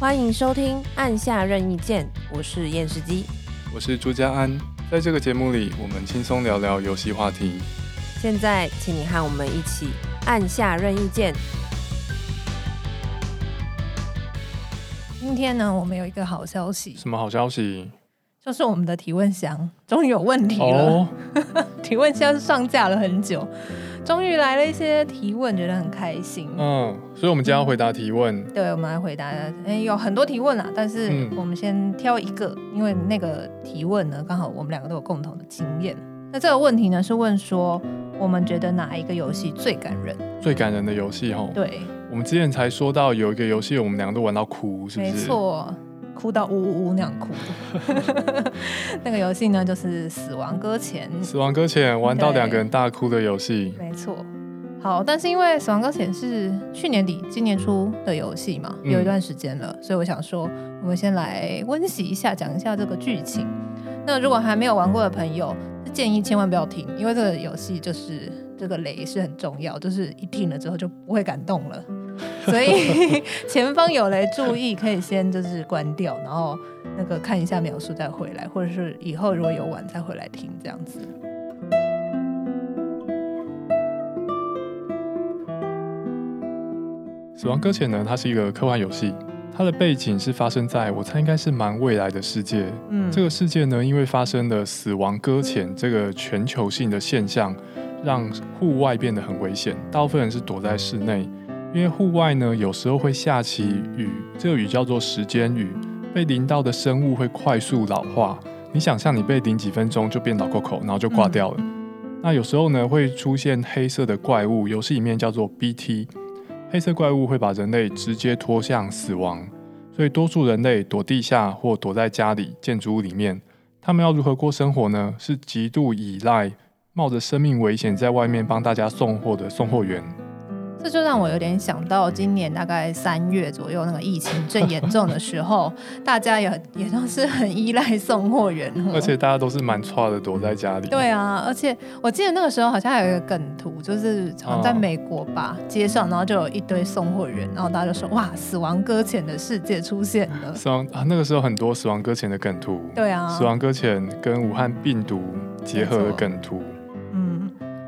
歡迎收聽按下任意鍵，我是厭世姬，我是朱家安。在這個節目裡，我們輕鬆聊聊遊戲話題。現在，請你和我們一起按下任意鍵。今天呢，我們有一個好消息。什麼好消息？就是我們的提問箱終於有問題了。Oh. 提問箱上架了很久。終於來了一些提問，覺得很開心。嗯，所以，我們今天要回答提問、嗯。對，我們來回答。哎，有很多提問啦，但是我們先挑一個，因為那個提問呢，剛好我們兩個都有共同的經驗。那這個問題呢，是問說我們覺得哪一個遊戲最感人？最感人的遊戲、哦？吼，對，我們之前才說到有一個遊戲，我們兩個都玩到哭，是不是？沒錯。哭到嗚嗚嗚那樣哭， 那個遊戲呢，就是《死亡擱淺》。死亡擱淺，玩到兩個人大哭的遊戲。沒錯。好，但是因為《死亡擱淺》是去年底、今年初的遊戲嘛，有一段時間了，嗯、所以我想說，我們先來溫習一下，講一下這個劇情。那如果還沒有玩過的朋友，建議千萬不要聽，因為這個遊戲就是這個雷是很重要，就是一聽了之後就不會感動了。 所以前方有雷，注意，可以先就是關掉，然後那個看一下描述再回來，或者是以後如果有玩再回來聽這樣子。死亡擱淺呢，它是一個科幻遊戲，它的背景是發生在我猜應該是蠻未來的世界。嗯，這個世界呢，因為發生了死亡擱淺這個全球性的現象，讓戶外變得很危險，大部分人是躲在室內。因為戶外呢，有時候會下起雨，這個雨叫做時間雨，被淋到的生物會快速老化。你想象你被淋幾分鐘就變老扣扣，然後就掛掉了。嗯、那有時候呢，會出現黑色的怪物，遊戲裡面叫做 BT，黑色怪物會把人類直接拖向死亡。所以多數人類躲地下或躲在家裡建築物裡面。他們要如何過生活呢？是極度依賴冒着生命危險在外面幫大家送貨的送貨員。這就讓我有點想到今年大概三月左右那個疫情最嚴重的時候，大家也 也都是很依賴送貨員，而且大家都是蠻差的，躲在家裡、嗯。對啊，而且我記得那個時候好像還有一個梗圖，就是好像在美國吧，嗯、街上然後就有一堆送貨員，然後大家就說：“哇，死亡擱淺的世界出現了。”死亡、啊、那個時候很多死亡擱淺的梗圖。對啊，死亡擱淺跟武漢病毒結合的梗圖。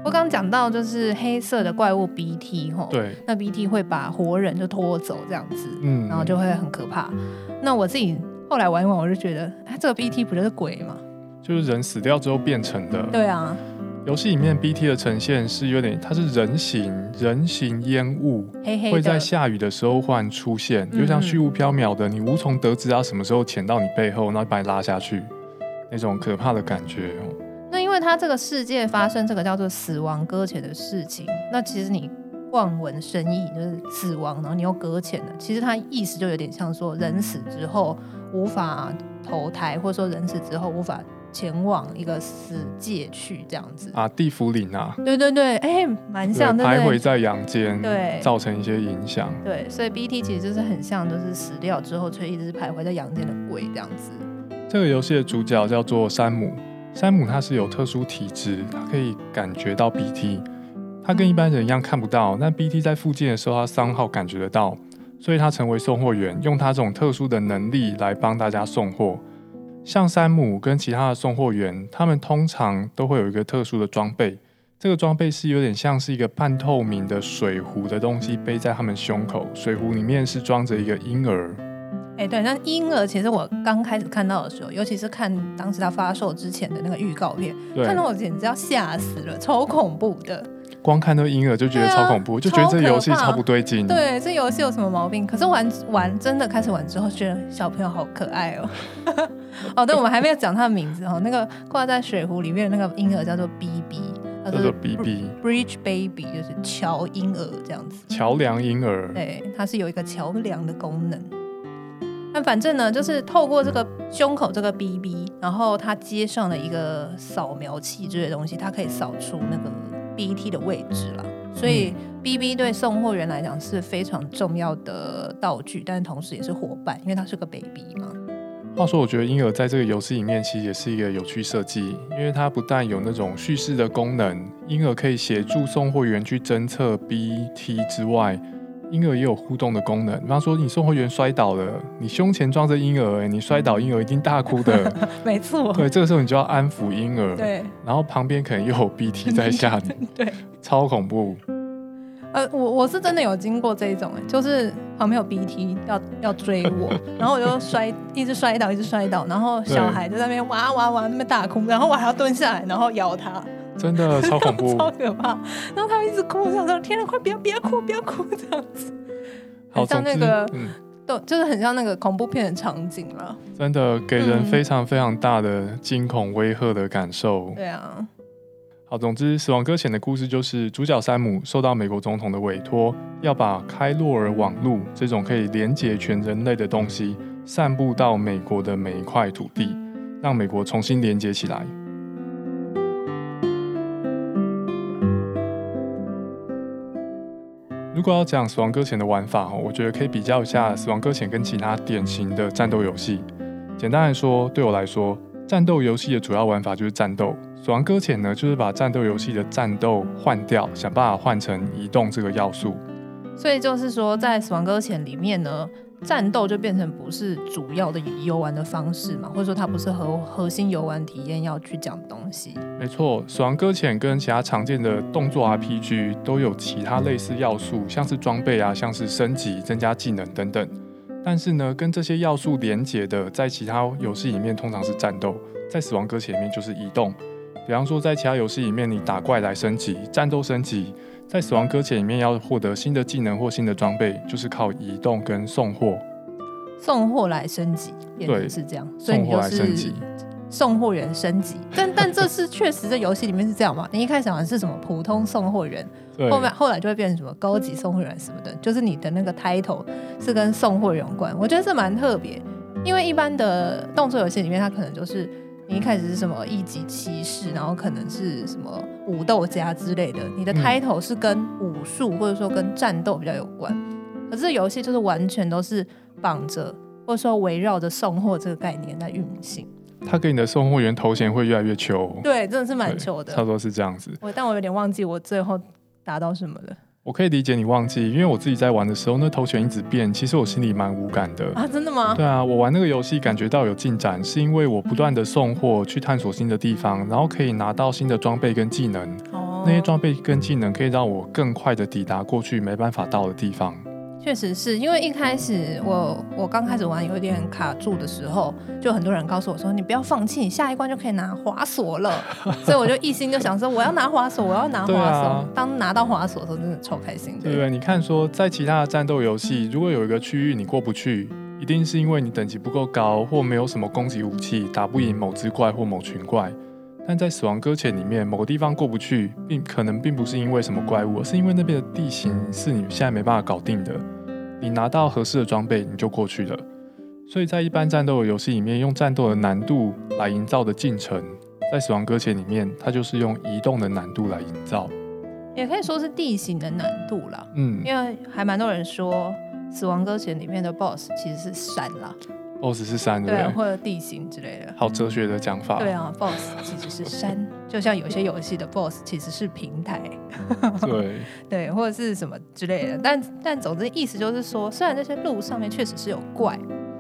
我剛剛講到就是黑色的怪物 BT 吼，對，那 BT 會把活人就拖走這樣子，嗯，然後就會很可怕。嗯、那我自己後來玩一玩，我就覺得，哎、啊，這個 BT 不就是鬼嗎？就是人死掉之後變成的。對啊。遊戲裡面 BT 的呈現是有點，它是人形人形煙霧，黑黑的，會在下雨的時候忽然出現，嗯、就像虛無縹緲的，你無從得知它什麼時候潛到你背後，然後把你拉下去，那種可怕的感覺。那因為它這個世界發生這個叫做死亡擱淺的事情，那其實你望文生義就是死亡，然後你又擱淺了。其實它意思就有點像說人死之後無法投胎，或者說人死之後無法前往一個死界去這樣子啊。地府裡呢？對對對，哎、欸，蠻像，徘徊在陽間，對，造成一些影響。對，所以 BT 其實就是很像，就是死掉之後卻一直徘徊在陽間的鬼這樣子。這個遊戲的主角叫做山姆。山姆他是有特殊體質，他可以感覺到 BT，他跟一般人一樣看不到，但 BT 在附近的時候，他剛好感覺得到，所以他成為送貨員，用他這種特殊的能力來幫大家送貨。像山姆跟其他的送貨員，他們通常都會有一個特殊的裝備，這個裝備是有點像是一個半透明的水壺的東西，背在他們胸口，水壺裡面是裝着一個嬰兒。哎、欸，對，那嬰兒其實我剛開始看到的時候，尤其是看當時它發售之前的那個預告片，對看到我簡直要嚇死了，超恐怖的。光看到嬰兒就覺得超恐怖，啊、就覺得這遊戲超、超不對勁。對，這遊戲有什麼毛病？可是玩玩真的開始玩之後，覺得小朋友好可愛哦、喔。 哦，對，我們還沒有講它的名字哦。 那個掛在水壺裡面那個嬰兒叫做 BB，叫做 BB Bridge Baby，就是橋嬰兒這樣子。橋樑嬰兒。對，它是有一個橋樑的功能。那反正呢，就是透過這個胸口這個 BB，然後它接上了一個掃描器之類的東西，它可以掃出那個 BT 的位置啦。所以 BB 對送貨員來講是非常重要的道具，但同時也是夥伴，因為它是個 Baby 嘛。話說，我覺得嬰兒在這個遊戲裡面其實也是一個有趣設計，因為它不但有那種敘事的功能，嬰兒可以協助送貨員去偵測 BT 之外。嬰兒也有互動的功能。比方說，你送貨員摔倒了，你胸前裝着嬰兒，欸，你摔倒，嬰兒一定大哭的。沒錯。對，這個時候你就要安撫嬰兒。對。然後旁邊可能又有 BT 在嚇你。 對。超恐怖。我、呃、我是真的有經過這種，欸，哎，就是旁邊有 BT 要要追我， 然後我就摔，一直摔倒，一直摔倒，然後小孩就在那邊哇哇哇那邊大哭，然後我還要蹲下來，然後搖他。真的超恐怖、 超可怕，然後他一直哭，我說，天哪，快別別哭，別哭，這樣子，好像那個都真的很像那個恐怖片的場景了。真的給人非常非常大的驚恐、威嚇的感受。嗯、對啊，好，總之，《死亡擱淺》的故事就是主角山姆受到美國總統的委托，要把開洛爾網路這種可以連接全人類的東西散布到美國的每一塊土地，讓美國重新連接起來。如果要講《死亡擱淺》的玩法，我覺得可以比較一下《死亡擱淺》跟其他典型的戰鬥遊戲。簡單來說，對我來說，戰鬥遊戲的主要玩法就是戰鬥，《死亡擱淺》呢，就是把戰鬥遊戲的戰鬥換掉，想辦法換成移動這個要素。所以就是說，在《死亡擱淺》裡面呢。戰鬥就變成不是主要的遊玩的方式嘛，或者說它不是核核心遊玩體驗要去講的東西。沒錯，死亡擱淺跟其他常見的動作 RPG 都有其他類似要素，像是裝備啊，像是升級、增加技能等等。但是呢，跟這些要素連接的，在其他遊戲裡面通常是戰鬥，在死亡擱淺裡面就是移動。比方說，在其他遊戲裡面你打怪來升級，戰鬥升級。在《死亡擱淺》裡面，要獲得新的技能或新的裝備，就是靠移動跟送貨，送貨來升級，對，是這樣。送貨來升級，送貨員升級。 但但這是確實這遊戲裡面是這樣嘛？你一開始好像是什麼普通送貨員，對後面後來就會變成什麼高級送貨員什麼的，就是你的那個 title 是跟送貨員有關。我覺得是蠻特別，因為一般的動作遊戲裡面，它可能就是。一開始是什麼一級騎士，然後可能是什麼武鬥家之類的。你的 title，嗯，是跟武術或者說跟戰鬥比較有關，可這遊戲就是完全都是綁着或者說圍繞着送貨這個概念來運行。他給你的送貨員頭銜會越來越糗哦，對，真的是蠻糗的，差不多是這樣子。我但我有點忘記我最後達到什麼了。我可以理解你忘記，因為我自己在玩的時候，那頭銜一直變，其實我心裡蠻無感的啊，真的嗎？對啊，我玩那個遊戲感覺到有進展，是因為我不斷的送貨、嗯、去探索新的地方，然後可以拿到新的裝備跟技能，哦、那些裝備跟技能可以讓我更快的抵達過去沒辦法到的地方。確實是因為一開始我，我剛開始玩有一點卡住的時候，就很多人告訴我說，你不要放棄，你下一關就可以拿滑索了， 所以我就一心就想說我要拿滑索，我要拿滑索。啊、當拿到滑索的時候，真的超開心的。對、對、啊，你看說在其他的戰鬥遊戲，如果有一個區域你過不去，一定是因為你等級不夠高，或沒有什麼攻擊武器，打不贏某隻怪或某群怪。但在《死亡擱淺》裡面，某個地方過不去，並可能並不是因為什麼怪物，而是因為那邊的地形是你現在沒辦法搞定的。你拿到合適的裝備，你就過去了。所以在一般戰鬥的遊戲裡面，用戰鬥的難度來營造的進程，在《死亡擱淺》裡面，它就是用移動的難度來營造，也可以說是地形的難度啦。嗯，因為還蠻多人說，《死亡擱淺》裡面的 BOSS 其實是山啦。BOSS 是山，對不對？或者地形之類的。好哲學的講法。對啊，BOSS 其實是山， 就像有些遊戲的 BOSS 其實是平台。對。 對，或者是什麼之類的。但但總之意思就是說，雖然這些路上面確實是有怪，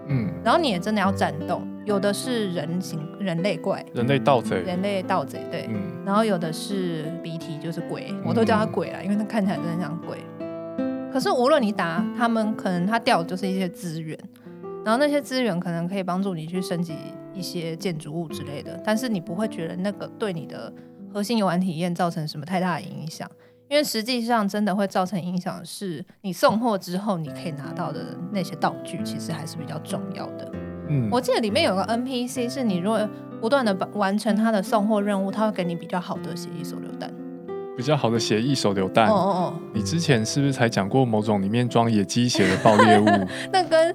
嗯，然後你也真的要戰鬥。嗯、有的是人形人類怪，人類盜賊，人類盜賊，對。嗯、然後有的是鼻涕，就是鬼，嗯、我都叫他鬼了，因為他看起來真的像鬼。可是無論你打他們，可能他掉的就是一些資源。然後那些資源可能可以幫助你去升級一些建築物之類的，但是你不會覺得那個對你的核心遊玩體驗造成什麼太大的影響，因為實際上真的會造成影響是你送貨之後你可以拿到的那些道具，其實還是比較重要的。嗯，我記得裡面有個 NPC 是你如果不斷的完成他的送貨任務，他會給你比較好的血液手榴彈。比較好的血液手榴彈。哦，哦，你之前是不是才講過某種裡面裝野雞血的爆裂物？ 那跟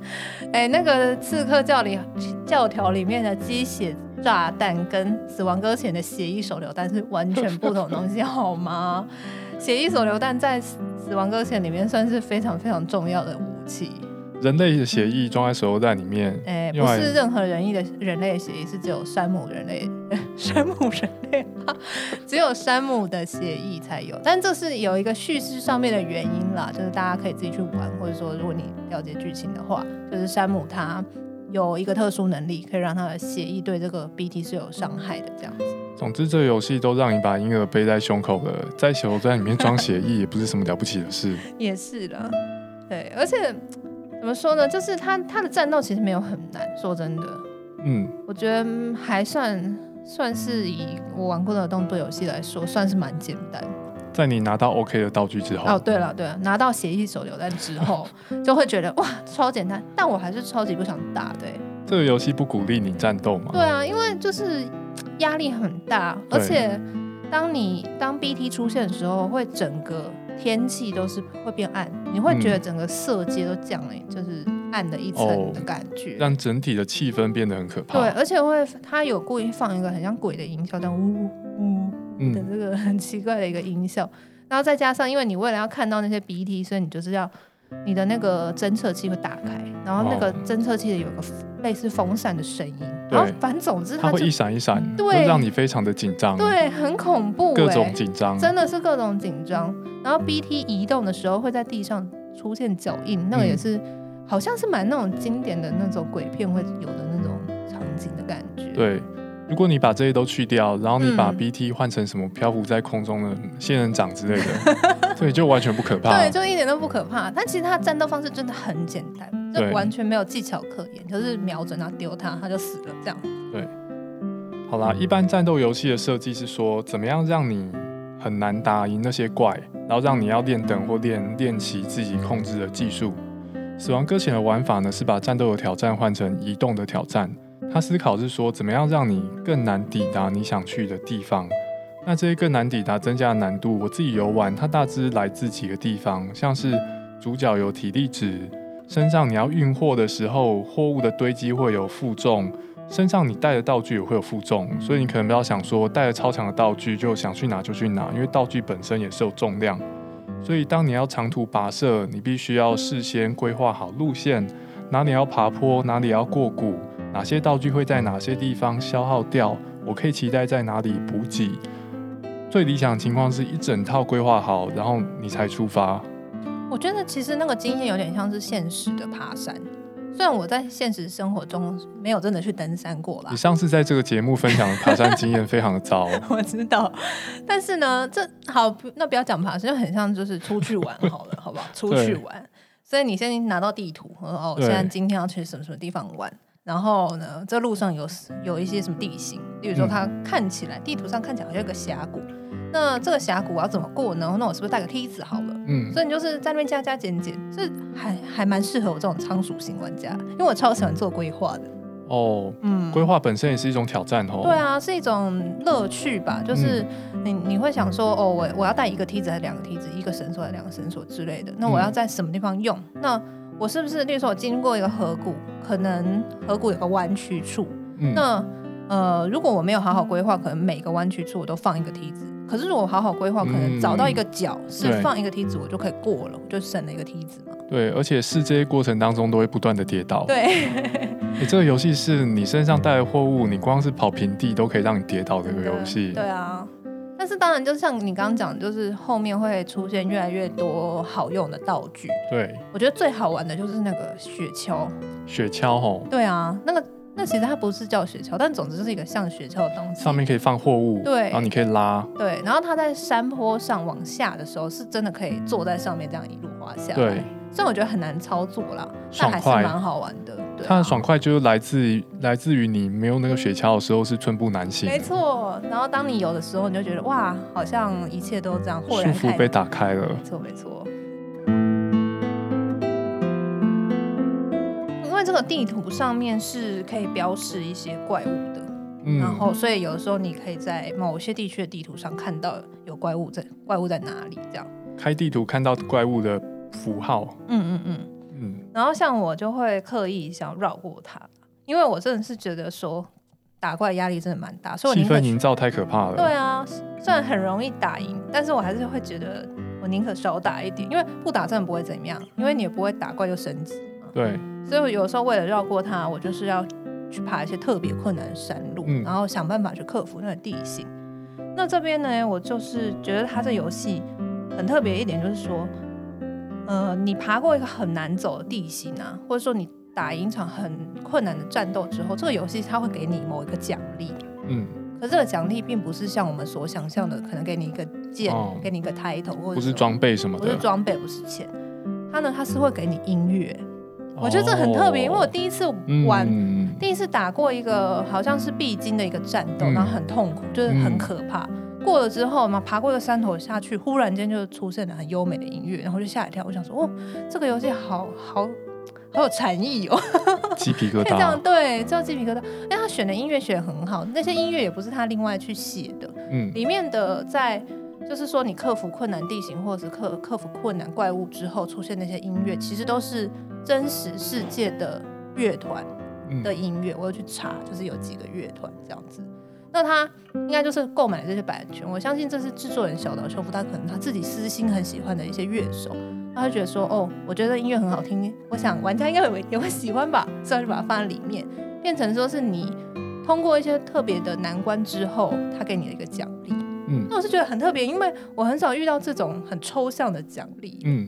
哎、欸、那個刺客教里教條裡面的雞血炸彈，跟《死亡擱淺》的血液手榴彈是完全不同的東西， 好嗎？血液手榴彈在《死死亡擱淺》裡面算是非常非常重要的武器。人類的血液裝在手榴彈裡面，哎、欸，來不是任何人類的人類血液，是只有山姆人類，山姆人類、啊，只有山姆的血液才有。但這是有一個敘事上面的原因啦，就是大家可以自己去玩，或者說如果你了解劇情的話，就是山姆他有一個特殊能力，可以讓他的血液對這個 BT 是有傷害的這樣子。總之，這個遊戲都讓你把嬰兒背在胸口的，在手榴彈裡面裝血液也不是什麼了不起的事。 也是啦，對，而且。怎麼說呢？就是他他的戰鬥其實沒有很難，說真的，嗯，我覺得還算算是以我玩過的動作遊戲來說，算是蠻簡單。在你拿到 OK 的道具之後，哦，對了對了，拿到血液手榴彈之後， 就會覺得哇，超簡單。但我還是超級不想打，對。這個遊戲不鼓勵你戰鬥嗎？對啊，因為就是壓力很大，對而且當你當 BT 出現的時候，會整個。天氣都是會變暗，你會覺得整個色階都降了，欸，嗯、就是暗了一層的感覺，哦，讓整體的氣氛變得很可怕。對，而且會他有故意放一個很像鬼的音效，像嗚嗚的這個很奇怪的一個音效，嗯、然後再加上因為你為了要看到那些 BT，所以你就是要。你的那個偵測器會打開，然後那個偵測器的有個類似風扇的聲音，對然後反總之它,它會一閃一閃，對，會讓你非常的緊張，對，很恐怖、欸，各種緊張，真的是各種緊張。然後 B T 移動的時候會在地上出現腳印，嗯、那個也是好像是蠻那種經典的那種鬼片會有的那種場景的感覺。對，如果你把這些都去掉，然後你把 B T 換成什麼漂浮在空中的仙人掌之類的。嗯 所以就完全不可怕。對，就一點都不可怕。但其實它戰鬥方式真的很簡單，就完全沒有技巧可言，就是瞄準它、丟他，他就死了這樣。對，好啦，嗯、一般戰鬥遊戲的設計是說，怎麼樣讓你很難打贏那些怪，然後讓你要練等或練練習自己控制的技術。死亡擱淺的玩法呢，是把戰鬥的挑戰換成移動的挑戰。他思考是說，怎麼樣讓你更難抵達你想去的地方。那這一個難抵達增加的難度，我自己遊玩它大致來自幾個地方，像是主角有體力值，身上你要運貨的時候，貨物的堆積會有負重，身上你帶的道具也會有負重，所以你可能不要想說帶了超強的道具就想去哪就去哪，因為道具本身也是有重量，所以當你要長途跋涉，你必須要事先規劃好路線，哪裡要爬坡，哪裡要過谷，哪些道具會在哪些地方消耗掉，我可以期待在哪裡補給。最理想的情況是一整套規劃好，然後你才出發。我覺得其實那個經驗有點像是現實的爬山，雖然我在現實生活中沒有真的去登山過吧，你上次在這個節目分享的爬山經驗非常的糟， 我知道。但是呢，這好那不要講爬山，就很像就是出去玩好了，好不好？出去玩， 對所以你先拿到地圖，然後、哦、對現在今天要去什麼什麼地方玩，然後呢，這路上有有一些什麼地形，比如說它看起來、嗯、地圖上看起來好像有個峽谷。那這個峽谷我要怎麼過呢？那我是不是帶個梯子好了？嗯，所以你就是在那邊加加減減，是還還蠻適合我這種倉鼠型玩家，因為我超喜歡做規劃的。哦，嗯，規劃本身也是一種挑戰哦。對啊，是一種樂趣吧？就是你、嗯、你，你會想說，哦，我我要帶一個梯子，還是兩個梯子？一個繩索，還是兩個繩索之類的？那我要在什麼地方用？嗯、那我是不是，例如說我經過一個河谷，可能河谷有個彎曲處，嗯、那呃，如果我沒有好好規劃，可能每個彎曲處我都放一個梯子。可是如果我好好規劃，可能找到一個角、嗯、是放一個梯子，對我就可以過了，我、嗯、就省了一個梯子嘛。對，而且是這些過程當中都會不斷的跌倒。對、欸，這個遊戲是你身上帶的貨物，你光是跑平地都可以讓你跌倒這個遊戲。對啊，但是當然就是像你剛剛講，就是後面會出現越來越多好用的道具。對，我覺得最好玩的就是那個雪橇。雪橇吼，對啊，那個。那其實它不是叫雪橇，但總之就是一個像雪橇的東西，上面可以放貨物，對，然後你可以拉，對，然後它在山坡上往下的時候，是真的可以坐在上面這樣一路滑下來，對，所以我覺得很難操作啦，那快還是蠻好玩的，對、啊。它的爽快就是來自於來自於你沒有那個雪橇的時候是寸步難行、嗯，沒錯，然後當你有的時候，你就覺得哇，好像一切都這樣，舒服被打開了，沒錯沒錯。地圖上面是可以標示一些怪物的，嗯、然後所以有的時候你可以在某些地區的地圖上看到有怪物在，怪物在哪裡這樣。開地圖看到怪物的符號，嗯嗯嗯嗯。嗯然後像我就會刻意想繞過它，因為我真的是覺得說打怪壓力真的蠻大，氣氛營造太可怕了。對啊，雖然很容易打贏，嗯、但是我還是會覺得我寧可少打一點，因為不打根本不會怎麼樣，因為你也不會打怪就升級嘛。對。所以有時候為了繞過它，我就是要去爬一些特別困難的山路，嗯、然後想辦法去克服那個地形。那這邊呢，我就是覺得它這遊戲很特別一點，就是說，呃，你爬過一個很難走的地形啊，或者說你打贏一場很困難的戰鬥之後，這個遊戲它會給你某一個獎勵。嗯。可是這個獎勵並不是像我們所想象的，可能給你一個劍，哦、給你一個 title 或者是不是裝備什麼的，不是裝備，不是錢，它呢，它是會給你音樂。我覺得這很特別，哦、因為我第一次玩，嗯、第一次打過一個好像是必經的一個戰鬥，嗯、然後很痛苦，就是很可怕。嗯、過了之後嘛，然後爬過一個山頭下去，忽然間就出現了很優美的音樂，然後就嚇一跳。我想說，哦，這個遊戲好好好有禪意哦，雞皮疙瘩。 對，這樣雞皮疙瘩。哎，他選的音樂選很好，那些音樂也不是他另外去寫的，嗯，裡面的在就是說你克服困難地形或者是克克服困難怪物之後出現那些音樂，其實都是。真實世界的樂團的音樂，嗯、我有去查，就是有幾個樂團這樣子。那他應該就是購買這些版權。我相信這是製作人小島秀夫，他可能他自己私心很喜歡的一些樂手，他就覺得說：“哦，我覺得音樂很好聽，我想玩家應該也會也會喜歡吧。”所以就把它放在裡面，變成說是你通過一些特別的難關之後，他給你的一個獎勵。嗯，那我是覺得很特別，因為我很少遇到這種很抽象的獎勵。嗯。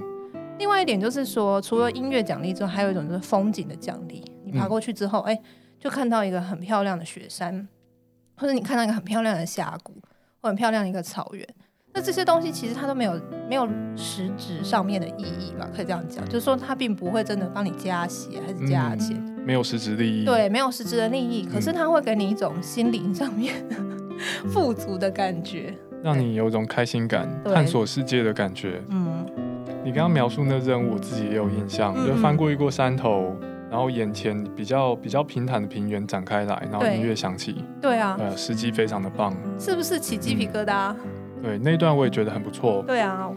另外一點就是說，除了音樂獎勵之外，還有一種就是風景的獎勵。你爬過去之後，哎、嗯，就看到一個很漂亮的雪山，或者你看到一個很漂亮的峽谷，或者很漂亮一個草原。那這些東西其實它都沒有沒有實質上面的意義吧？可以這樣講，就是說它並不會真的幫你加血還是加錢，嗯、沒有實質利益。對，沒有實質的利益，嗯、可是它會給你一種心靈上面富足的感覺，讓你有一種開心感、對探索世界的感覺。嗯。你剛剛描述那個任務，我自己也有印象，嗯、就翻過一過山頭，然後眼前比較比較平坦的平原展開來，然後音樂響起，對，對啊，呃、啊，時機非常的棒，是不是起雞皮疙瘩，嗯？對，那一段我也覺得很不錯，對啊，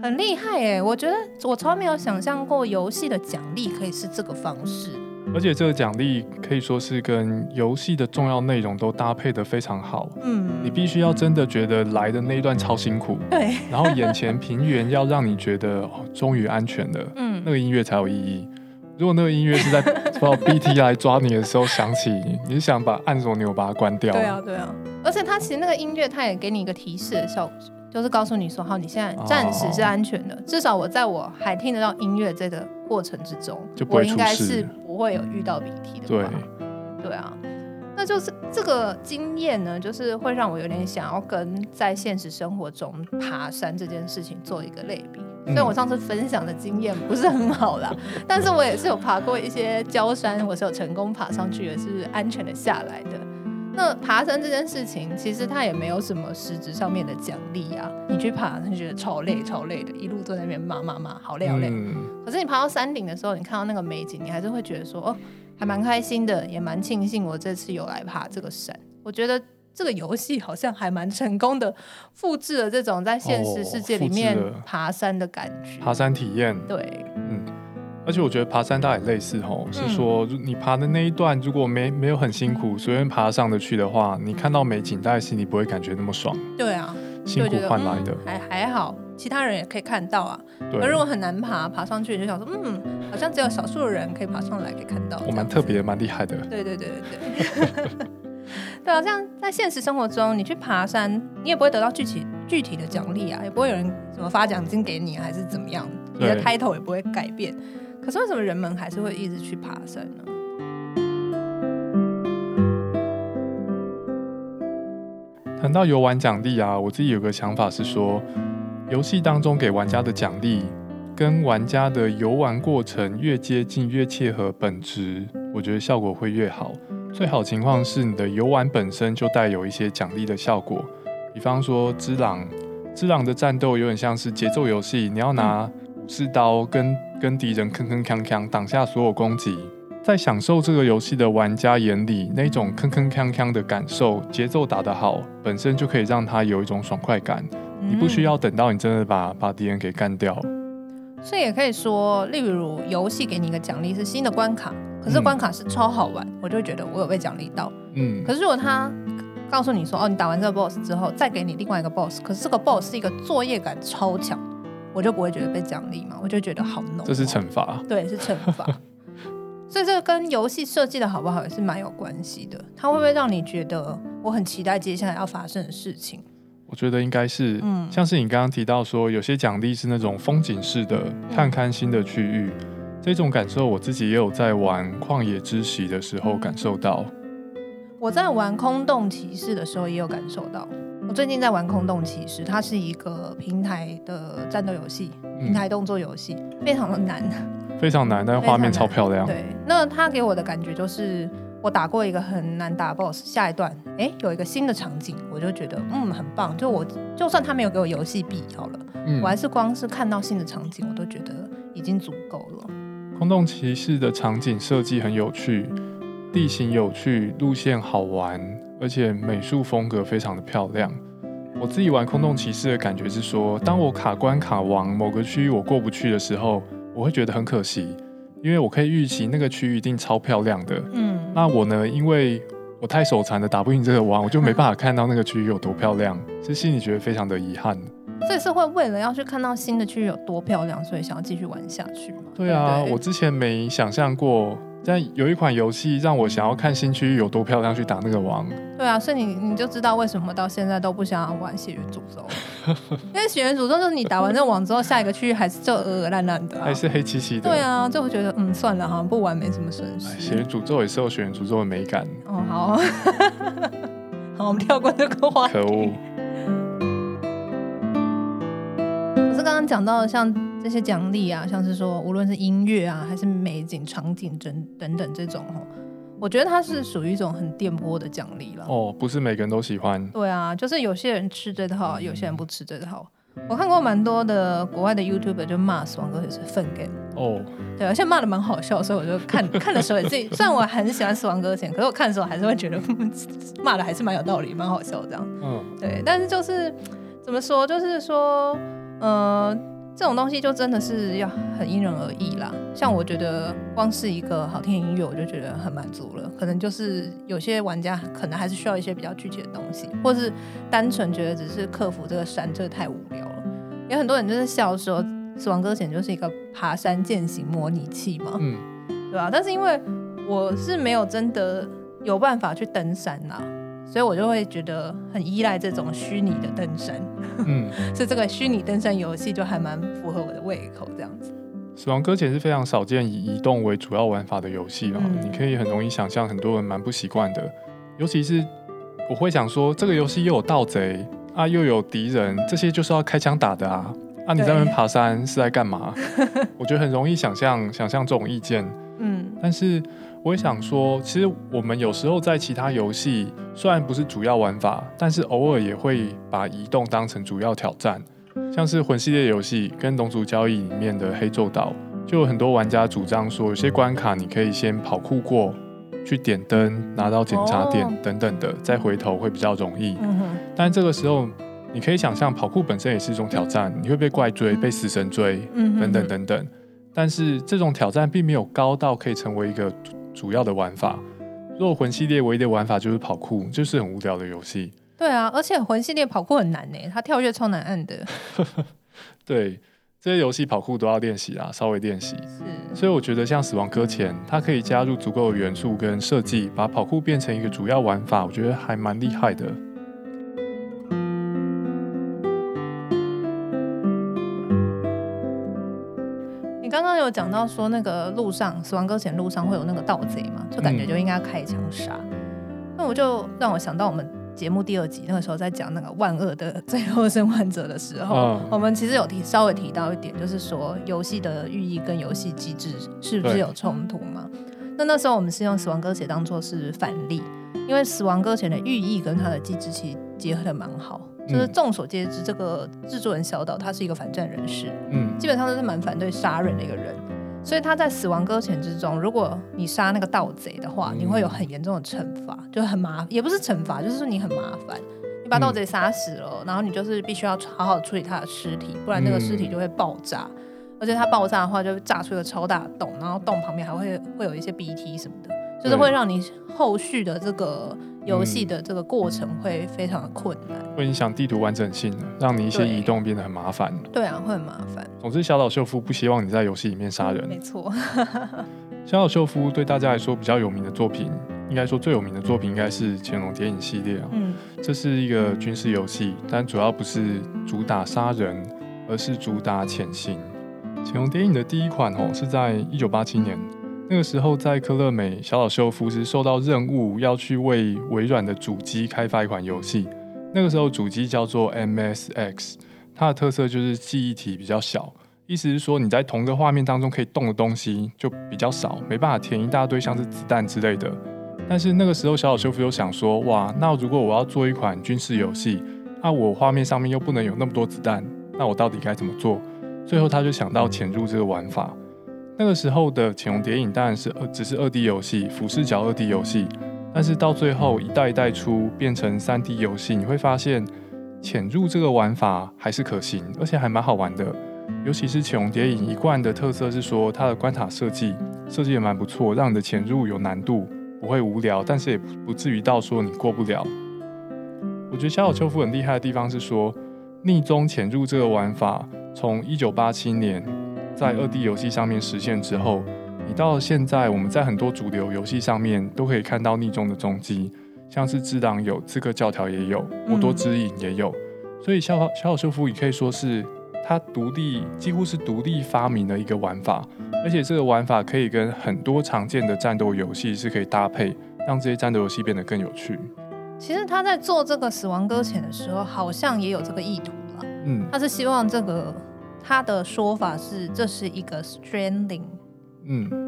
很厲害哎，欸，我覺得我從來沒有想象過遊戲的獎勵可以是這個方式。而且這個獎勵可以說是跟遊戲的重要內容都搭配得非常好。嗯，你必須要真的覺得來的那一段超辛苦，對。然後眼前平原要讓你覺得哦，終於安全了，嗯，那個音樂才有意義。如果那個音樂是在 BT 來抓你的時候響起，你是想把按住鈕把它關掉。對啊，對啊。而且它其實那個音樂，它也給你一個提示的效果。就是告訴你說，好，你現在暫時是安全的，哦、至少我在我還聽得到音樂這個過程之中，我應該是不會有遇到 BT 的，嗯。對，對啊，那就是這個經驗呢，就是會讓我有點想要跟在現實生活中爬山這件事情做一個類比。雖然、嗯、我上次分享的經驗不是很好啦，嗯、但是我也是有爬過一些郊山， 我是有成功爬上去也是，是安全的下來的。那爬山這件事情，其實它也沒有什麼實質上面的獎勵啊。你去爬，你覺得超累超累的，一路都在那邊罵罵罵，好累好累。嗯、可是你爬到山頂的時候，你看到那個美景，你還是會覺得說，哦，還蠻開心的，也蠻慶幸我這次有來爬這個山。嗯、我覺得這個遊戲好像還蠻成功的，複製了這種在現實世界裡面爬山的感覺，哦、爬山體驗。對，嗯。而且我覺得爬山大概類似吼，是說你爬的那一段如果沒沒有很辛苦隨便爬上得去的話，你看到美景，但是你不會感覺那麼爽。對啊，辛苦換來的還還好，其他人也可以看到啊。對，而如果很難爬，爬上去就想說，嗯，好像只有少數的人可以爬上來，可以看到。我蠻特別，蠻厲害的。對對對對對。對，好像在現實生活中，你去爬山，你也不會得到具體具體的獎勵啊，也不會有人怎麼發獎金給你，還是怎麼樣，你的 title 也不會改變。可是為什麼人們還是會一直去爬山呢？談到遊玩獎勵啊，我自己有個想法是說，遊戲當中給玩家的獎勵，跟玩家的遊玩過程越接近、越切合本質，我覺得效果會越好。最好的情況是你的遊玩本身就帶有一些獎勵的效果，比方說《只狼》，《只狼》的戰鬥有點像是節奏遊戲，你要拿。是刀跟跟敵人鏗鏗鏘鏘擋下所有攻擊，在享受這個遊戲的玩家眼裡，那種鏗鏗鏘鏘的感受，節奏打得好，本身就可以讓他有一種爽快感。你不需要等到你真的把把敵人給幹掉。嗯。所以也可以說，例如遊戲給你一個獎勵是新的關卡，可是關卡是超好玩，我就會覺得我有被獎勵到。嗯。可是如果他告訴你說，哦，你打完這個 BOSS 之後，再給你另外一個 BOSS，可是這個 BOSS 是一個作業感超強。我就不會覺得被獎勵嘛，我就覺得好惱、哦。這是懲罰，對，是懲罰。 所以這跟遊戲設計的好不好也是蠻有關係的。它會不會讓你覺得我很期待接下來要發生的事情？我覺得應該是，嗯，像是你剛剛提到說，嗯、有些獎勵是那種風景式的，看看新的區域，這種感受我自己也有在玩《曠野之息》的時候感受到。嗯、我在玩《空洞騎士》的時候也有感受到。我最近在玩《空洞騎士》，它是一個平台的戰鬥遊戲，平台動作遊戲，嗯、非常的難，非常難，但是畫面超漂亮。對，那它給我的感覺就是，我打過一個很難打的 BOSS，下一段，哎、欸，有一個新的場景，我就覺得，嗯，很棒。就我，就算它沒有給我遊戲幣好了，嗯、我還是光是看到新的場景，我都覺得已經足夠了。《空洞騎士》的場景設計很有趣，地形有趣，路線好玩。而且美術風格非常的漂亮。我自己玩空洞騎士的感覺是說，當我卡關卡王某個區域我過不去的時候，我會覺得很可惜，因為我可以預期那個區域一定超漂亮的。嗯。那我呢，因為我太手殘了，打不贏這個王，我就沒辦法看到那個區域有多漂亮，是 心裡覺得非常的遺憾。所以是會為了要去看到新的區域有多漂亮，所以想要繼續玩下去嗎？對啊，對對我之前沒想象過。但有一款遊戲讓我想要看新區有多漂亮，去打那個王。對啊，所以你你就知道為什麼到現在都不想要玩《血源詛咒》 因為《血源詛咒》就是你打完那個王之後， 下一個區域還是就噁噁爛爛的，啊，還是黑漆漆的。對啊，就會覺得嗯，算了，好像不玩沒什麼損失。血源詛咒也是有血源詛咒的美感。哦好哦， 好，我們跳過這個話題。可惡。可是剛剛講到的像。那些獎勵啊，像是說無論是音樂啊，還是美景，場景等等等這種我覺得它是屬於一種很電波的獎勵了。哦，不是每個人都喜歡。對啊，就是有些人吃這套，有些人不吃這套。我看過蠻多的國外的 YouTuber 就罵死亡擱淺是糞 game。哦。對，而且罵的蠻好笑，所以我就看看的時候也自己， 雖然我很喜歡死亡擱淺，可是我看的時候還是會覺得罵 的還是蠻有道理，蠻好笑這樣。嗯，對，但是就是怎麼說，就是說，嗯、呃。這種東西就真的是要很因人而異啦。像我覺得光是一個好聽的音樂，我就覺得很滿足了。可能就是有些玩家可能還是需要一些比較具體的東西，或是單純覺得只是克服這個山，這個太無聊了。有很多人就是笑說，《死亡擱淺》就是一個爬山健行模擬器嘛，嗯，對啊。但是因為我是沒有真的有辦法去登山吶。所以我就會覺得很依賴這種虛擬的登山，嗯， 是這個虛擬登山遊戲就還蠻符合我的胃口這樣子。死亡擱淺是非常少見，以移動為主要玩法的遊戲啊，嗯，你可以很容易想象很多人蠻不習慣的，尤其是我會想說這個遊戲又有盜賊啊，又有敵人，這些就是要開槍打的啊，啊，你在那邊爬山是在幹嘛？對 我覺得很容易想象想象，這種意見，嗯，但是。我想說，其實我們有時候在其他遊戲，雖然不是主要玩法，但是偶爾也會把移動當成主要挑戰。像是魂系列遊戲跟龍族教義裡面的黑咒島，就有很多玩家主張說，有些關卡你可以先跑酷過去，點燈拿到檢查點等等的，再回頭會比較容易。但這個時候，你可以想象跑酷本身也是一種挑戰，你會被怪追，被死神追，等等等等。但是這種挑戰並沒有高到可以成為一個。主要的玩法，如果魂系列唯一的玩法就是跑酷，就是很無聊的遊戲。對啊，而且魂系列跑酷很難呢，它跳躍超難按的。 對，這些遊戲跑酷都要練習啦，稍微練習。是。所以我覺得像死亡擱淺，它可以加入足夠的元素跟設計，把跑酷變成一個主要玩法，我覺得還蠻厲害的。講到說那個路上《死亡擱淺》路上會有那個盜賊嘛，就感覺就應該開槍殺。嗯、那我就讓我想到我們節目第二集那個時候在講那個萬惡的最後生還者的時候，嗯、我們其實有提稍微提到一點，就是說遊戲的寓意跟遊戲機制是不是有衝突嘛？對那那時候我們是用《死亡擱淺》當做是反例，因為《死亡擱淺》的寓意跟它的機制其實結合得蠻好。就是眾所皆知，嗯、這個製作人小島他是一個反戰人士，嗯，基本上都是蠻反對殺人的一個人，所以他在死亡擱淺之中，如果你殺那個盜賊的話，嗯、你會有很嚴重的懲罰，就很麻煩，也不是懲罰，就是說你很麻煩，你把盜賊殺死了，嗯、然後你就是必須要好好處理他的屍體，不然這個屍體就會爆炸，嗯、而且它爆炸的話就會炸出一個超大的洞，然後洞旁邊還會會有一些 BT 什麼的，就是會讓你後續的這個。遊戲的這個過程會非常的困難，會影響地圖完整性，讓你一些移動變得很麻煩。對啊，會很麻煩。總之，小島秀夫不希望你在遊戲裡面殺人。嗯、沒錯。 小島秀夫對大家來說比較有名的作品，應該說最有名的作品應該是《潛龍諜影》系列啊。嗯。這是一個軍事遊戲，但主要不是主打殺人，而是主打潛行。《潛龍諜影》的第一款哦是在一九八七年。那個時候，在科樂美，小島秀夫是受到任務要去為微軟的主機開發一款遊戲。那個時候，主機叫做 MSX，它的特色就是記憶體比較小，意思是說你在同個畫面當中可以動的東西就比較少，沒辦法填一大堆像是子彈之類的。但是那個時候，小島秀夫又想說，哇，那如果我要做一款軍事遊戲，那、啊、我畫面上面又不能有那麼多子彈，那我到底該怎麼做？最後，他就想到潛入這個玩法。那個時候的《潛龍諜影》當然是二，只是二 D 遊戲，俯視角二 D 遊戲。但是到最後一代一代出變成三 D 遊戲，你會發現潛入這個玩法還是可行，而且還蠻好玩的。尤其是《潛龍諜影》一貫的特色是說它的關卡設計設計也蠻不錯，讓你的潛入有難度，不會無聊，但是也不至於到說你過不了。我覺得小島秀夫很厲害的地方是說匿蹤潛入這個玩法從一九八七年。在二 D 遊戲上面實現之後，你到了現在我們在很多主流遊戲上面都可以看到匿蹤的蹤跡，像是《智囊》有，《刺客教條》也有，《魔多之影》也有。嗯、所以，小島秀夫也可以說是他獨立，幾乎是獨立發明的一個玩法，而且這個玩法可以跟很多常見的戰鬥遊戲是可以搭配，讓這些戰鬥遊戲變得更有趣。其實他在做這個《死亡擱淺》的時候，好像也有這個意圖了。嗯，他是希望這個。他的說法是，這是一個 stranding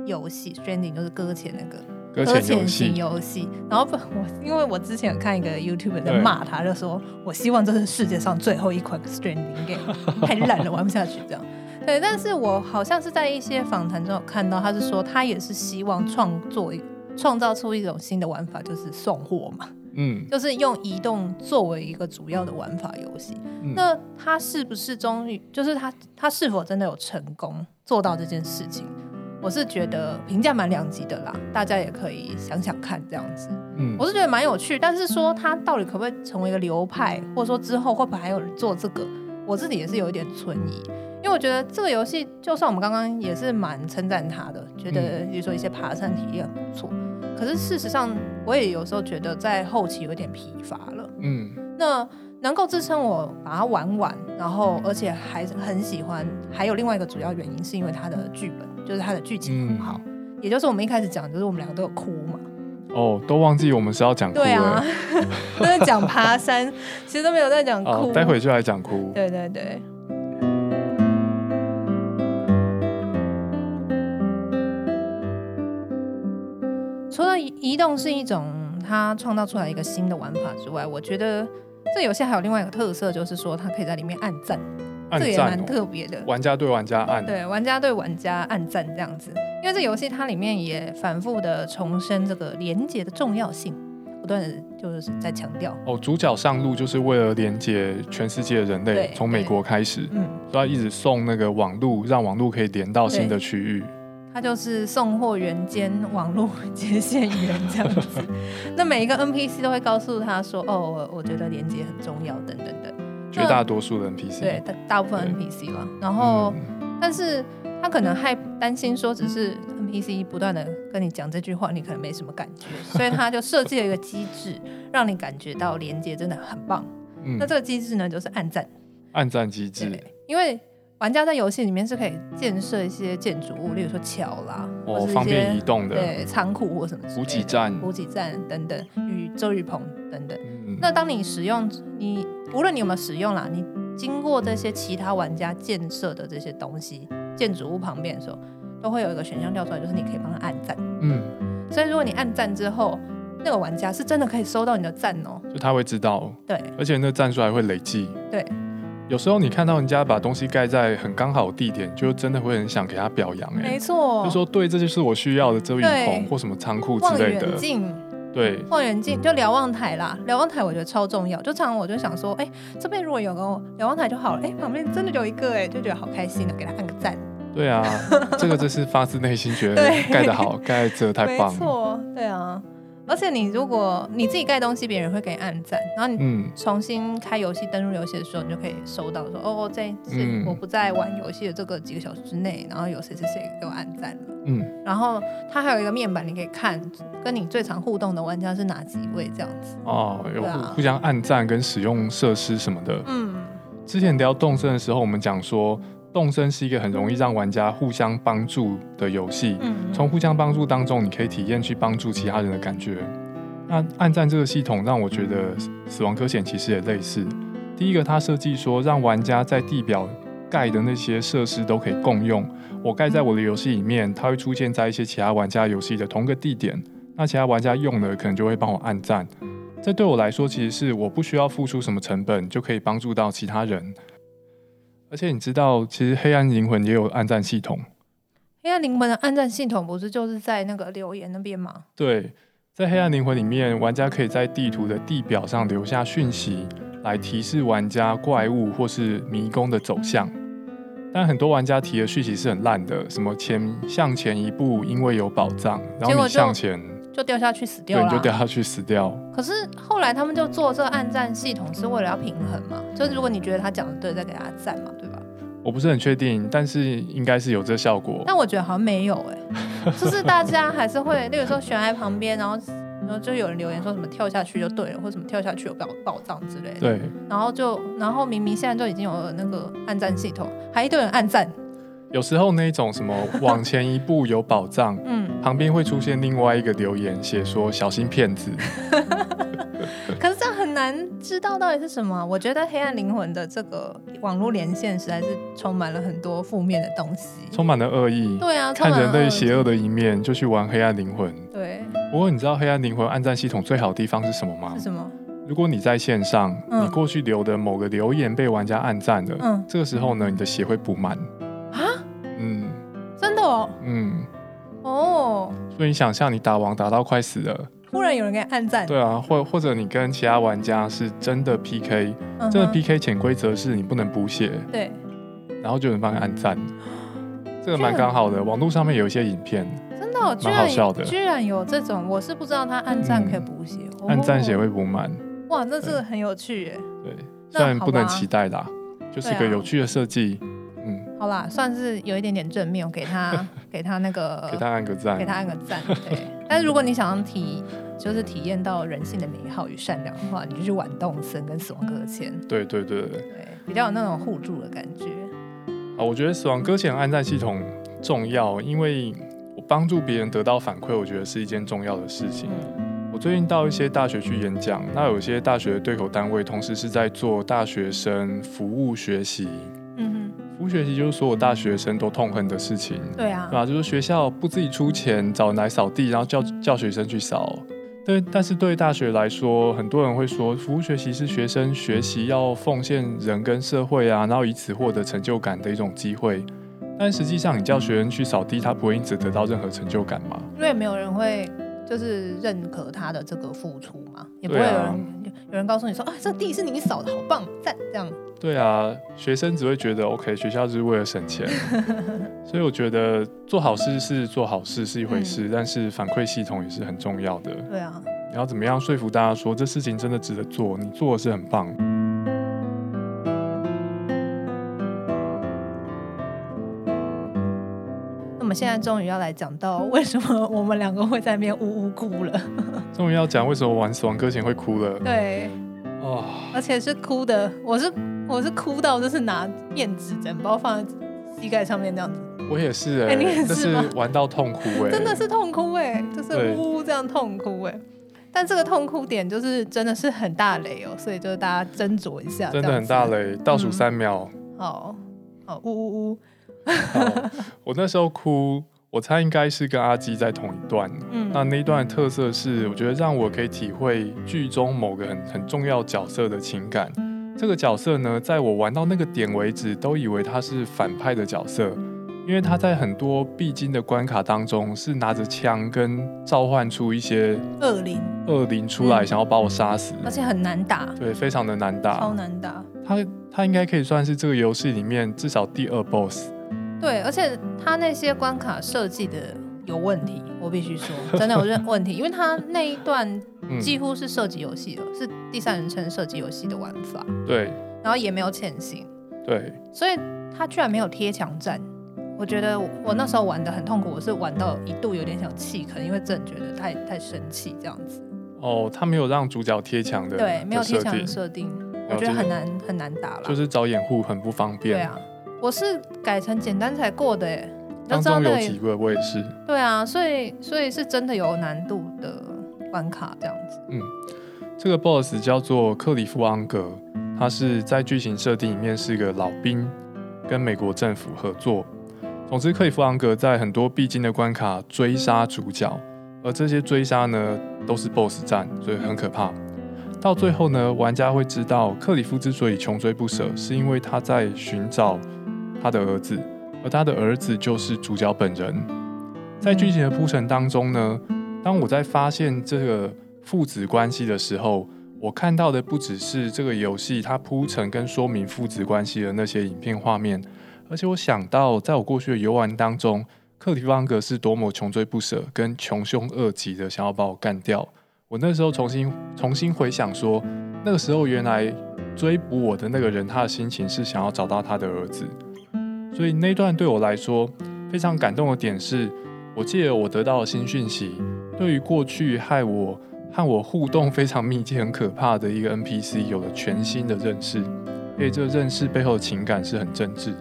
遊戲，嗯，stranding 就是擱淺那個擱淺，擱淺型遊戲。然後我因為我之前有看一個 YouTuber 在罵他，就說對我希望這是世界上最後一款 stranding game，太爛了，玩不下去這樣。 對，但是我好像是在一些訪談中看到，他是說他也是希望創作創造出一種新的玩法，就是送貨嘛。嗯，就是用移動作為一個主要的玩法遊戲，嗯、那它是不是終於，就是它它是否真的有成功做到這件事情？我是覺得評價蠻兩極的啦，大家也可以想想看這樣子。嗯，我是覺得蠻有趣，但是說它到底可不可以成為一個流派，或者說之後會不會還有人做這個？我自己也是有一點存疑，因為我覺得這個遊戲，就算我們剛剛也是蠻稱讚它的，覺得比如說一些爬山體驗很不錯。可是事實上，我也有時候覺得在後期有點疲乏了。嗯，那能夠支撐我把它玩完，然後而且還很喜歡，還有另外一個主要原因是因為它的劇本，就是它的劇情很、嗯、好。也就是我們一開始講，就是我們兩個都有哭嘛。哦，都忘記我們是要講哭。對啊，都 是講爬山， 其實都沒有在講哭。哦、待會就來講哭。對對對。除了移移動是一種它創造出來一個新的玩法之外，我覺得這遊戲還有另外一個特色，就是說它可以在裡面按讚，哦、這也蠻特別的。玩家對玩家按對玩家對玩家按讚這樣子，因為這遊戲它裡面也反復的重申這個連接的重要性，不斷的就是在強調。哦，主角上路就是為了連接全世界的人類，從對美國開始，嗯，都要一直送那個網路，讓網路可以連到新的區域。他就是送貨員兼網絡接線員這樣子， 那每一個 NPC 都會告訴他說：“哦，我我覺得連接很重要，等等等。”絕大多數的 NPC 對大部分 NPC 嘛。對然後，嗯、但是他可能還擔心說，只是 NPC 不斷的跟你講這句話，你可能沒什麼感覺， 所以他就設計了一個機制，讓你感覺到連接真的很棒。嗯、那這個機制呢，就是按讚，按讚機制，因為，玩家在遊戲裡面是可以建設一些建築物，例如說橋啦，哦、或方便移動的倉庫或什麼補給站、補給站等等，與遮雨棚等等。嗯、那當你使用你，無論你有沒有使用啦，你經過這些其他玩家建設的這些東西、建築物旁邊的時候，都會有一個選項掉出來，就是你可以幫他按讚。嗯，所以如果你按讚之後，那個玩家是真的可以收到你的讚哦、喔，就他會知道。對，而且那讚數還會累計。對。有時候你看到人家把東西蓋在很剛好的地點，就真的會很想給他表揚，哎、欸，沒錯錯，就說對，這就是我需要的遮雨棚或什麼倉庫之類的望遠鏡，對，望遠鏡對就瞭望台啦，瞭望台我覺得超重要，就常常我就想說，哎、欸，這邊如果有個瞭望台就好了，哎、欸，旁邊真的有一個哎、欸，就覺得好開心，給他按個讚。對啊，這個真是發自內心覺得蓋得好，蓋 對得太棒，沒錯，對啊。而且你如果你自己蓋東西，別人會給你按讚，然後你重新開遊戲、嗯、登入遊戲的時候，你就可以收到說哦，這、嗯、我不在玩遊戲的這個幾個小時之內，然後有誰誰誰給我按讚嗯，然後它還有一個面板，你可以看跟你最常互動的玩家是哪幾位這樣子。哦，互互相按讚跟使用設施什麼的。嗯，之前聊動森的時候，我們講說。動森是一個很容易讓玩家互相幫助的遊戲，從、嗯、哼互相幫助當中，你可以體驗去幫助其他人的感覺。那按讚這個系統讓我覺得，死亡擱淺其實也類似。第一個，它設計說，讓玩家在地表蓋的那些設施都可以共用，我蓋在我的遊戲裡面，它會出現在一些其他玩家遊戲的同個地點。那其他玩家用了，可能就會幫我按讚。這對我來說，其實是我不需要付出什麼成本，就可以幫助到其他人。而且你知道，其實《黑暗靈魂》也有按讚系統，《黑暗靈魂》的按讚系統不是就是在那個留言那邊嗎？對，在《黑暗靈魂》裡面，玩家可以在地圖的地表上留下訊息，來提示玩家怪物或是迷宮的走向。但很多玩家提的訊息是很爛的，什麼前向前一步，因為有寶藏，然後你向前，就掉下去死掉了，就掉下去死掉。可是後來他們就做這個按讚系統，是為了要平衡嘛？就如果你覺得他講的對，再給他讚嘛，對吧？我不是很確定，但是應該是有這效果。但我覺得好像沒有哎、欸， 就是大家還是會，那個時候懸崖旁邊，然後然後就有人留言說什麼跳下去就對了，或什麼跳下去有比較保障之類的。對。然後就然後明明現在就已經有了那個按讚系統，還一堆人按讚。有時候那種什麼往前一步有寶藏， 嗯，旁邊會出現另外一個留言，寫說小心騙子。 可是這樣很難知道到底是什麼。啊，我覺得《黑暗靈魂》的這個網絡連線實在是充滿了很多負面的東西，充滿了惡意。對啊，看人類邪惡的一面就去玩《黑暗靈魂》。對。不過你知道《黑暗靈魂》按讚系統最好的地方是什麼嗎？是什麼？如果你在線上，嗯、你過去留的某個留言被玩家按讚了，嗯，這個時候呢，你的血會補滿。嗯，哦，所以你想象你打王打到快死了，忽然有人給你按贊，對啊，或或者你跟其他玩家是真的 PK，真的 PK 潛規則是你不能補血，對，然後就有人幫你按贊，這個蠻剛好的。網路上面有一些影片，真的蠻好笑的，居然有這種，我是不知道他按贊可以補血，按贊血會補滿，哇，那這個很有趣耶，對，雖然不能期待啦，就是一個有趣的設計。好啦，算是有一點點正面，喔，我給他給他那個， 給他按個贊，給他按個贊，對。 但是如果你想要體，就是體驗到人性的美好與善良的話，你就去玩《動森》跟《死亡擱淺》嗯。對對對對，對。比較有那種互助的感覺。啊，我覺得《死亡擱淺》按贊系統重要，因為我幫助別人得到反饋，我覺得是一件重要的事情。我最近到一些大學去演講，那有些大學對口單位同時是在做大學生服務學習。服務學習就是所有大學生都痛恨的事情，對啊，啊，就是學校不自己出錢找人來掃地，然後叫叫學生去掃。對，但是對大學來說，很多人會說，服務學習是學生學習要奉獻人跟社會啊，然後以此獲得成就感的一種機會。但實際上，你叫學生去掃地，他不會因此得到任何成就感嗎？因為沒有人會就是認可他的這個付出嘛，也不會有人、啊、有人告訴你說啊，這地是你掃的，好棒，讚這樣。對啊，學生只會覺得 OK，學校就是為了省錢， 所以我覺得做好事是做好事是一回事，嗯、但是反饋系統也是很重要的。對啊、嗯，你要怎麼樣說服大家說這事情真的值得做？你做的是很棒。那我們現在終於要來講到為什麼我們兩個會在那邊嗚嗚哭了。 終於要講為什麼玩《死亡擱淺》會哭了。對。哦，而且是哭的，我是我是哭到就是拿面紙整包放在膝蓋上面那樣子，我也是、欸，哎、欸、你也是嗎，是玩到痛哭哎、欸， 真的是痛哭哎、欸，就是嗚嗚這樣痛哭哎、欸，對但這個痛哭點就是真的是很大雷哦、喔，所以就是大家斟酌一下，真的很大雷，倒數三秒，嗯、好好嗚嗚嗚 ，我那時候哭。我猜應該是跟阿基在同一段。嗯，那那一段的特色是，我覺得讓我可以體會劇中某個很很重要角色的情感。這個角色呢，在我玩到那個點為止，都以為他是反派的角色，因為他在很多必經的關卡當中，是拿着槍跟召喚出一些惡靈、惡靈，惡靈出來，嗯，想要把我殺死，而且很難打。對，非常的難打，超難打。他他應該可以算是這個遊戲裡面至少第二 BOSS。對，而且他那些關卡設計的有問題，我必須說，真的有問題。 因為他那一段幾乎是射擊遊戲的，嗯、是第三人稱射擊遊戲的玩法。對。然後也沒有潛行。對。所以他居然沒有貼牆站，我覺得我，我那時候玩的很痛苦，我是玩到一度有點想棄坑，可能因為真的覺得太太生氣這樣子。哦，他沒有讓主角貼牆的。嗯、對，沒有貼牆的設定，解我覺得很難很難打了。就是找掩護很不方便。對啊。我是改成簡單才過的哎，當中有幾個對我也是。對啊，所以所以是真的有難度的關卡這樣子。嗯，這個 boss 叫做克里夫·昂格，他是在劇情設定裡面是一個老兵，跟美國政府合作。總之，克里夫·昂格在很多必經的關卡追殺主角，而這些追殺呢都是 boss 戰，所以很可怕。到最後呢，玩家會知道克里夫之所以窮追不捨，是因為他在尋找。他的兒子，而他的兒子就是主角本人。在劇情的鋪陳當中呢，當我在發現這個父子關係的時候，我看到的不只是這個遊戲它鋪陳跟說明父子關係的那些影片畫面，而且我想到，在我過去的遊玩當中，克里夫昂格是多麼窮追不捨跟窮凶惡極的想要把我幹掉。我那時候重新重新回想說，那個時候原來追捕我的那個人他的心情是想要找到他的兒子。所以那一段對我來說非常感動的點是，我記得我得到的新訊息，對於過去害我和我互動非常密切、很可怕的一個 NPC 有了全新的認識，因為這個認識背後的情感是很真摯的。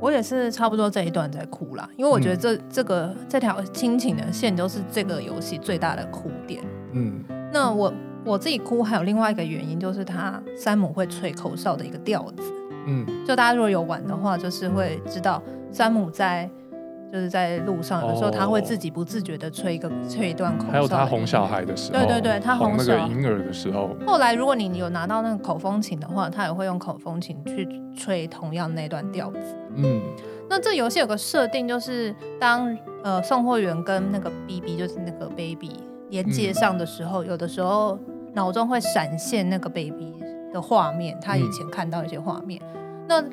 我也是差不多這一段在哭啦，因為我覺得這、嗯、這、這個這條親情的線就是這個遊戲最大的哭點。嗯，那我我自己哭還有另外一個原因，就是他山姆會吹口哨的一個調子。嗯，就大家如果有玩的話，就是會知道山姆，山姆在就是在路上，有的時候、哦、他會自己不自覺的吹一個吹一段口，還有他哄小孩的時候，哦、對對對，他哄小個嬰兒的時候。後來如果你有拿到那個口風琴的話，他也會用口風琴去吹同樣那段調子。嗯，那這遊戲有個設定就是，當呃送貨員跟那個 BB，就是那個 baby 連接上的時候，嗯、有的時候腦中會閃現那個 baby 的畫面，他以前看到一些畫面。嗯，那，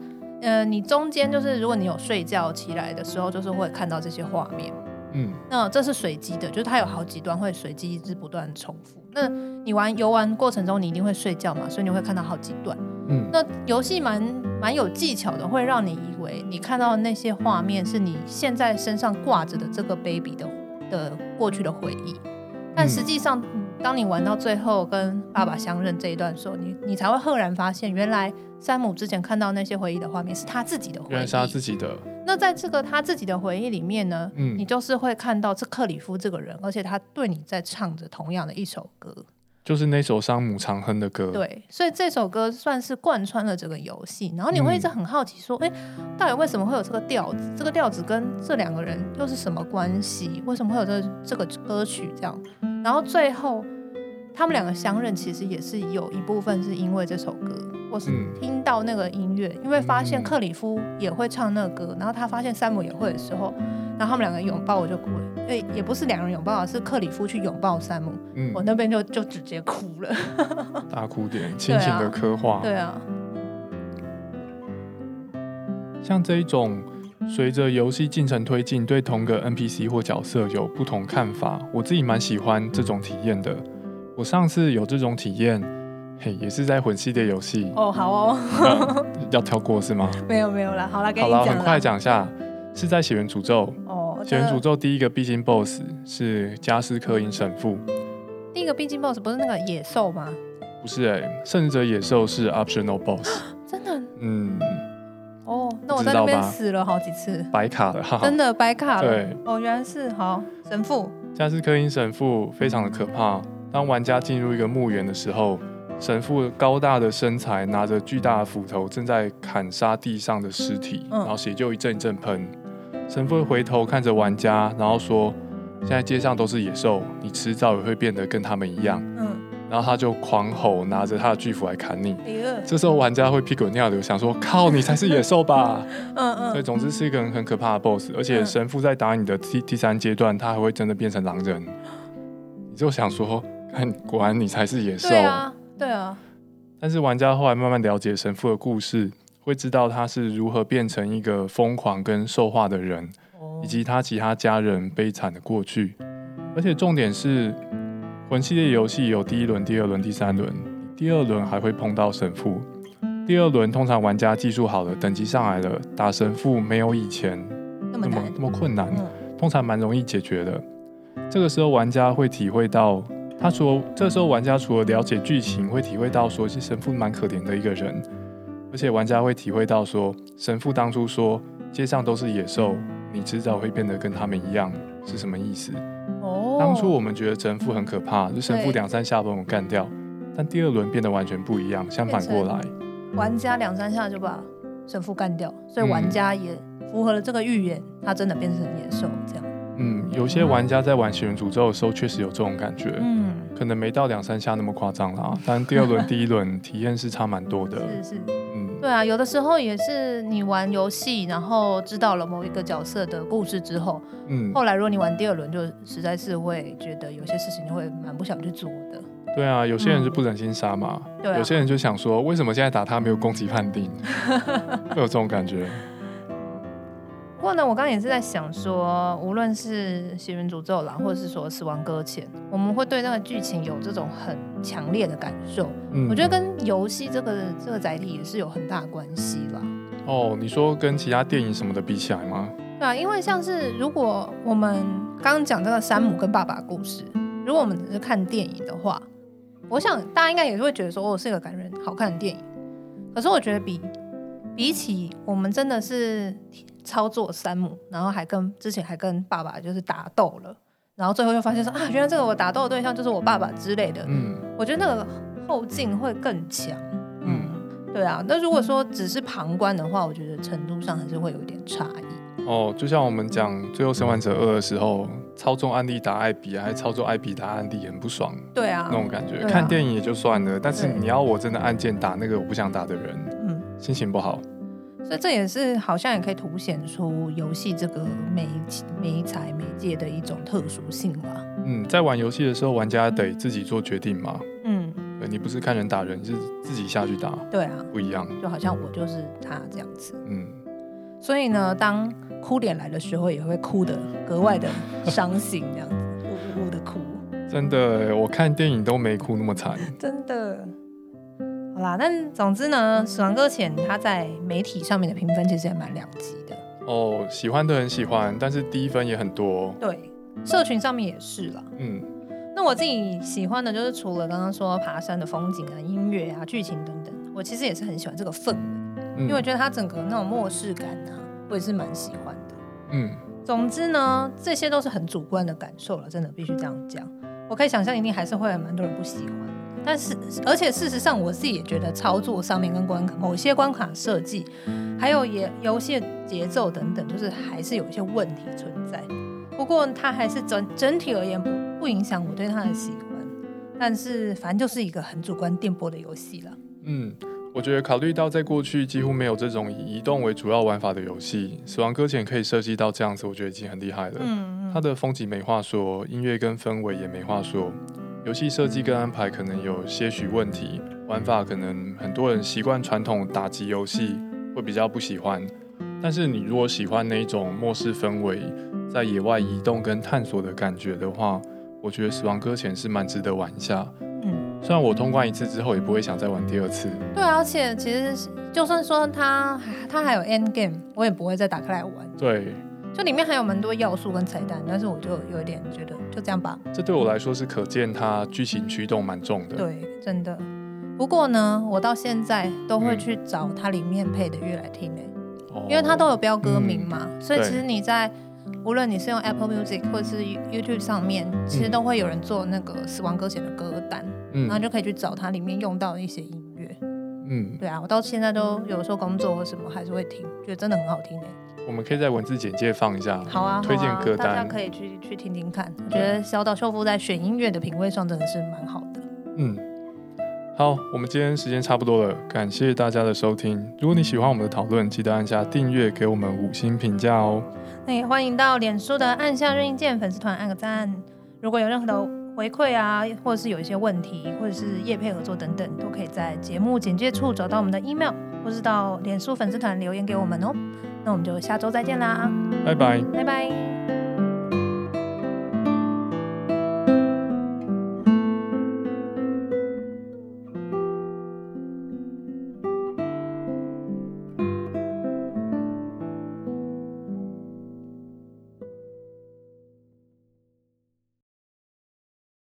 呃，你中間就是如果你有睡覺起來的時候，就是會看到這些畫面。嗯，那這是隨機的，就是它有好幾段會隨機一直不斷重複。那你玩遊玩過程中，你一定會睡覺嘛，所以你會看到好幾段。嗯，那遊戲蠻蠻有技巧的，會讓你以為你看到那些畫面是你現在身上掛着的這個 baby 的的過去的回憶，但實際上。嗯當你玩到最後跟爸爸相認這一段時候，你你才會赫然發現，原來山姆之前看到那些回憶的畫面是他自己的回憶。原來是他自己的。那在這個他自己的回憶裡面呢，嗯，你就是會看到是克里夫這個人，而且他對你在唱着同樣的一首歌。就是那首山姆常哼的歌，對，所以這首歌算是貫穿了整個遊戲，然後你會一直很好奇說，哎、嗯，到底為什麼會有這個調子？這個調子跟這兩個人又是什麼關係？為什麼會有這這個歌曲這樣？然後最後。他們兩個相認，其實也是有一部分是因為這首歌。我是聽到那個音樂，因為發現克里夫也會唱那個歌，嗯、然後他發現山姆也會的時候，然後他們兩個擁抱，我就哭了。哎，也不是兩個人擁抱，是克里夫去擁抱山姆，嗯、我那邊就就直接哭了。大哭點，親情的刻畫。對啊。對啊。像這一種，隨着遊戲進程推進，對同個 NPC 或角色有不同看法，我自己蠻喜歡這種體驗的。我上次有這種體驗，嘿，也是在魂系列遊戲。哦，好哦，要跳過是嗎？沒有沒有了，好了，給你講一下。好了，很快講一下，是在《血源詛咒》。哦，《血源詛咒》第一個必經 BOSS 是加斯科因神父。第一個必經 BOSS 不是那個野獸嗎？不是哎，甚至野獸是 optional boss。真的？嗯。哦，那我在那邊死了好幾次，白卡了。真的白卡了？對。哦，原來是好神父。加斯科因神父非常的可怕。當玩家進入一個墓園的時候，神父高大的身材拿着巨大的斧頭正在砍殺地上的屍體，然後血就一陣一陣噴。嗯、神父回頭看着玩家，然後說：“現在街上都是野獸，你遲早也會變得跟他們一樣。”嗯，然後他就狂吼，拿着他的巨斧來砍你。嗯、這時候玩家會屁滾尿流，想說：“靠，你才是野獸吧？”嗯嗯。嗯嗯，所以總之是一個很可怕的 BOSS，而且神父在打你的第第三階段，他還會真的變成狼人。你就想說。果然你才是野獸，對啊，對啊。但是玩家後來慢慢了解神父的故事，會知道他是如何變成一個瘋狂跟獸化的人，以及他其他家人悲慘的過去。而且重點是，魂系列遊戲有第一輪、第二輪、第三輪。第二輪還會碰到神父。第二輪通常玩家技術好了，等級上來了，打神父沒有以前那麼那麼困難，通常蠻容易解決的。這個時候玩家會體會到。他說，這時候玩家除了了解劇情，會體會到說，是神父蠻可憐的一個人，而且玩家會體會到說，神父當初說街上都是野獸，你遲早會變得跟他們一樣，是什麼意思？哦，當初我們覺得神父很可怕，就、嗯、神父兩三下把我們幹掉，對但第二輪變得完全不一樣，相反過來，玩家兩三下就把神父幹掉，所以玩家也符合了這個預言，嗯、他真的變成野獸這樣。嗯，有些玩家在玩《血源詛咒》的時候，確實有這種感覺。嗯，可能沒到兩三下那麼誇張啦，但第二輪、第一輪體驗是差蠻多的。是 是，是嗯，對啊，有的時候也是你玩遊戲，然後知道了某一個角色的故事之後，嗯，後來如果你玩第二輪，就實在是會覺得有些事情就會蠻不想去做的。對啊，有些人就不忍心殺嘛。嗯、對、啊。有些人就想說，為什麼現在打他沒有攻擊判定？ 會有這種感覺。不過呢，我剛剛也是在想說，無論是《血源詛咒》啦，或者是說《死亡擱淺》，我們會對那個劇情有這種很強烈的感受。嗯，我覺得跟遊戲這個這個載體也是有很大的關係啦。哦，你說跟其他電影什麼的比起來嗎？對啊，因為像是如果我們剛剛講這個山姆跟爸爸的故事，如果我們只是看電影的話，我想大家應該也會覺得說，哦，是一個感人、好看的電影。可是我覺得比比起我們真的是。操作山姆，然後還跟之前還跟爸爸就是打鬥了，然後最後又發現說啊，原來這個我打鬥的對象就是我爸爸之類的。嗯，我覺得那個後勁會更強。嗯，對啊。那如果說只是旁觀的話，嗯、我覺得程度上還是會有一點差異。哦，就像我們講最後《生還者二》的時候，嗯、操縱艾莉打艾比，還操縱艾比打艾莉，很不爽。對啊，那種感覺。啊、看電影也就算了，但是你要我真的按鍵打那個我不想打的人，嗯對，心情不好。所以這也是好像也可以凸顯出遊戲這個媒、媒材、媒介的一種特殊性嘛。嗯，在玩遊戲的時候，玩家得自己做決定嘛。嗯，對，你不是看人打人，是自己下去打。對啊，不一樣。就好像我就是他這樣子。嗯，所以呢，當哭點來的時候，也會哭得格外的傷心，這樣子嗚嗚的哭。真的，我看電影都沒哭那麼慘。真的。啦，但總之呢，《死亡擱淺》它在媒體上面的評分其實也蠻兩極的。哦，喜歡的很喜歡，但是低分也很多。對，社群上面也是了。嗯，那我自己喜歡的就是除了剛剛說爬山的風景啊、音樂啊、劇情等等，我其實也是很喜歡這個氛圍，嗯、因為我覺得它整個那種末世感呢、啊，我也是蠻喜歡的。嗯，總之呢，這些都是很主觀的感受了，真的必須這樣講。我可以想象一定還是會有蠻多人不喜歡。但是，而且事實上，我自己也覺得操作上面跟關某些關卡設計，還有也遊戲節奏等等，就是還是有一些問題存在。不過，它還是整整體而言不，不影響我對它的喜歡。但是，反正就是一個很主觀電波的遊戲了。嗯，我覺得考慮到在過去幾乎沒有這種以移動為主要玩法的遊戲，《死亡擱淺》可以設計到這樣子，我覺得已經很厲害了。嗯，它的風景沒話說，音樂跟氛圍也沒話說。遊戲設計跟安排可能有些許問題，玩法，可能很多人習慣傳統打擊遊戲會比較不喜歡。但是你如果喜歡那一種末世氛圍，在野外移動跟探索的感覺的話，我覺得《死亡擱淺》是蠻值得玩一下。嗯，雖然我通關一次之後也不會想再玩第二次。對，而且其實就算說它它還有 end game，我也不會再打開來玩。對。就裡面還有蠻多要素跟彩蛋，但是我就有一點覺得就這樣吧。這對我來說是可見它劇情驅動蠻重的。對，真的。不過呢，我到現在都會去找它裡面配的樂來聽嘞、欸，哦、因為它都有標歌名嘛，嗯、所以其實你在對無論你是用 Apple Music 或是 YouTube 上面，其實都會有人做那個死亡擱淺的歌單，嗯、然後就可以去找它裡面用到的一些音樂。嗯，對啊，我到現在都有時候工作或什麼還是會聽，覺得真的很好聽嘞、欸。我們可以在文字簡介放一下，好啊，嗯、好啊，推薦歌單，大家可以去去聽聽看。我覺得小島秀夫在選音樂的品味上真的是蠻好的。嗯，好，我們今天時間差不多了，感謝大家的收聽。如果你喜歡我們的討論，記得按下訂閱，給我們五星評價哦。那也歡迎到臉書的“按下任意鍵”粉絲團按個讚。如果有任何的回饋啊，或者是有一些問題，或者是業配合作等等，都可以在節目簡介處找到我們的 email，或者是到臉書粉絲團留言給我們哦。那我們就下周再見啦！拜拜，拜拜。